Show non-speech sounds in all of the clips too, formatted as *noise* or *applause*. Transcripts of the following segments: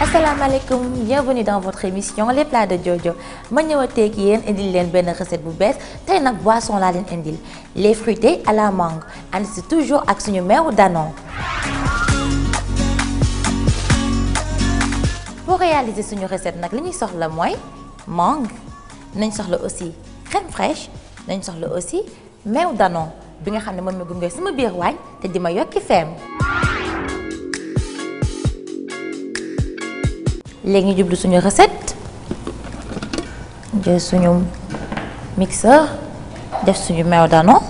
asalaamaaleykum bienvenue dans votre émission les plats de Jojo ma ñëwateeg yéen indil leen benn recette bu bees tey nag boisson laa leen indil les fruités à la mangue si toujours ak suñu meew danon pour réaliser suñu recette nag li ñuy soxla mooy mangue nañ soxla aussi crème fraîche nañ soxla aussi meew danon bi nga xam ne mën na gunge suma biir waañ te di ma yokki feem léegi ñu jublu suñu recette jël suñu mixeur def suñu meew dano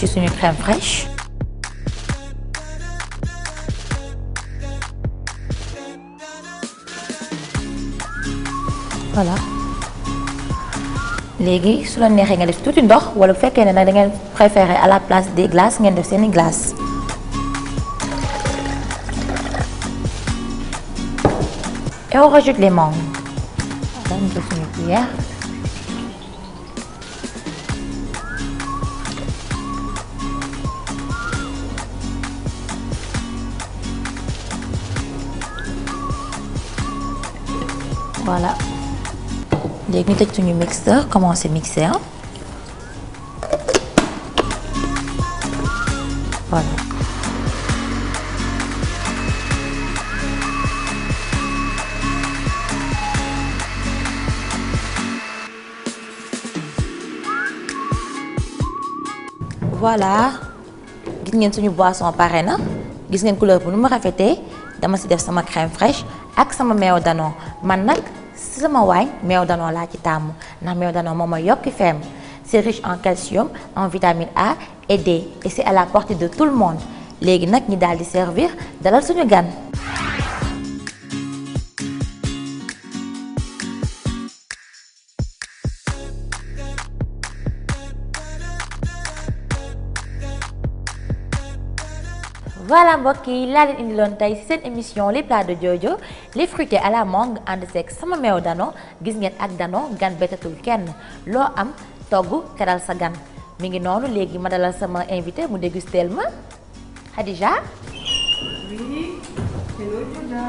ci suñu crème voilà léegi su la neexee nga def tuuti ndox wala bu fekkee ne nag da ngeen à la place des glaces ngeen def seeni glace et on rajoute les mangues voilà ñu léegi ñu tëj suñu mixeur commencé mixer voilà gis ngeen suñu boisson pare na gis ngeen couleur bu nu mu rafetee dama ci def sama crème fraîche ak sama meew danon man nag sama waay meew danoo laa ci tàmm ndax meew danoo moom mooy yokki feem c'est riche en calcium en vitamine A et D et c'est à la portée de tout le monde léegi nag ñi daal di servir dalal suñu gan voilà mbokk yi laa leen indiloon tey seen émission les plats de li les fruités à ànd seeg sama meew dano gis ngeen ak dano gan betatul kenn loo am togg teral sa gan mu ngi noonu léegi ma dalal sama invité mu dégusteel ma Khadija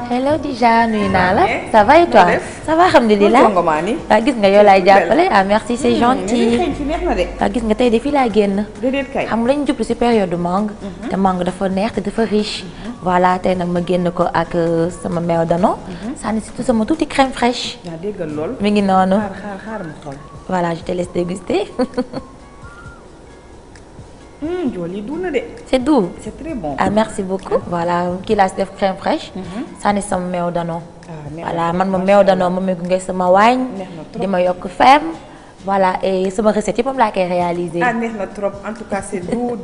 hello Dija nuyu naa la. ça va et toi alhamdulilah. waa ah, gis nga yow laay jàppale ah merci c'est hmm, gentil. waa ah, gis nga tey de fii laa génn. xam lañu jublu ci période mangue. Mhm. te mangue dafa neex te dafa riche. Mhm. voilà tey nag ma génn ko ak euh, sama meew dano. Mhm. sànni si tout sama tuuti crème fraîche. mi ngi noonu. voilà je te laisse *laughs* joli doux na de. c' est doux. c' est très bon ah merci beaucoup. voilà kii laa si def crème fraîche. sànni sama meew danoo. voilà man ma meew danoo ma may gunge sama waañ. di ma voilà sama recette yëpp am laa koy réalisé. Ah, na trop en tout cas c'est doux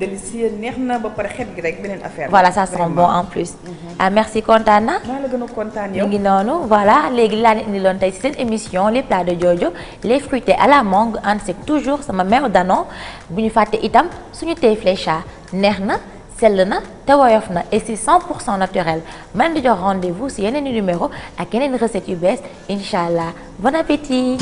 voilà ça sent en plus. Mhm. ah merci kontaan na. maa a kontaan yow mi ngi noonu voilà léegi laa leen indiloon tey ci seen émission les plats de Jojo les fruités à la mangue ànd c'est toujours sama mère Danon bu ñu fàtte itam suñu thé flécha neex na sell na te woyof na et c'est 100 pour cent naturel man di jox rendez-vous ci yeneen i numéro ak yeneen recette yu bees incha allah bon appétit.